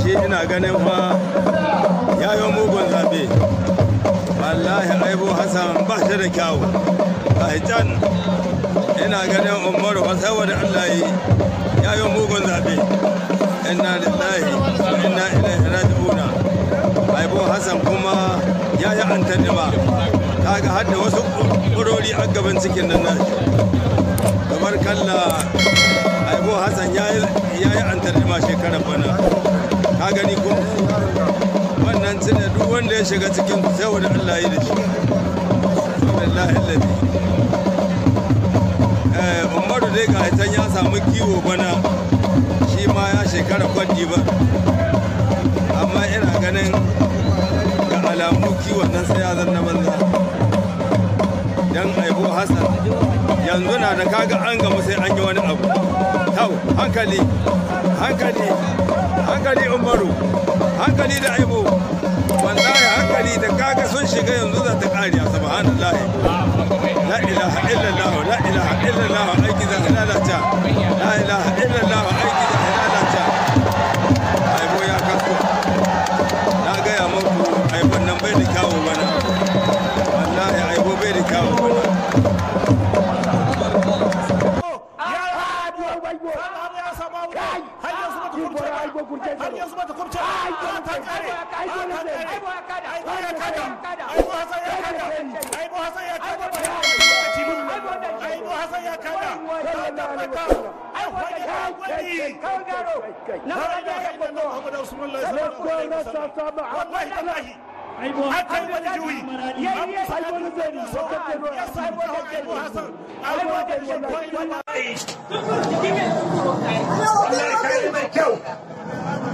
shi ina ganin fa ya yi mugun zabe wallahi aibu hassan ba shi da kyawu can ina ganin umaru wasa saboda allah yi ya yi mugun zabe inna lillahi wa inna da raji'una aibu hassan kuma ya yi antadima ta ga hadda wasu ƙurori a gaban cikin nan kamar kalla aibu hassan ya yi antadima shekarar bana ka gani ko wannan tunan duk wanda ya shiga cikin ku sai wani Allah yi da shi subhanallahi alladhi eh Umaru dai ga ita ya samu kiwo bana shi ma ya shekara kwadi ba amma ina ganin ga alamu kiwon nan sai ya zanna banza dan aibo Hassan yanzu na da kaga an gamu sai an yi wani abu yau hankali hankali hankali umaru hankali da aibu wallahi hankali da kaga sun shiga yanzu za ta kare a subhanallahi la ilaha illallah la ilaha illallah aiki zan lalata ta kurce ta har yanzu da ta kurce ai ta kare ai ta kare ai ba ka da ai ba ka da ai ba hasan ya kada ai ba hasan ya kada ba lokaci mun ai ba hasan ya kada ta tabbata ai wani wani kan garo na ba da ka ko Muhammad Usman Allah sallallahu alaihi wasallam wallahi tallahi حتى الجوي يا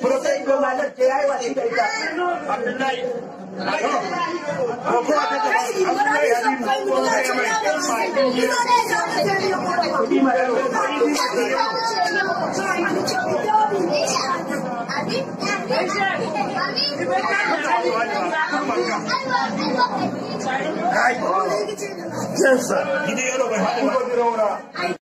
Proteico malar cerai wasi kita. Abdullah. Yes, sir.